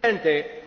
Presidente,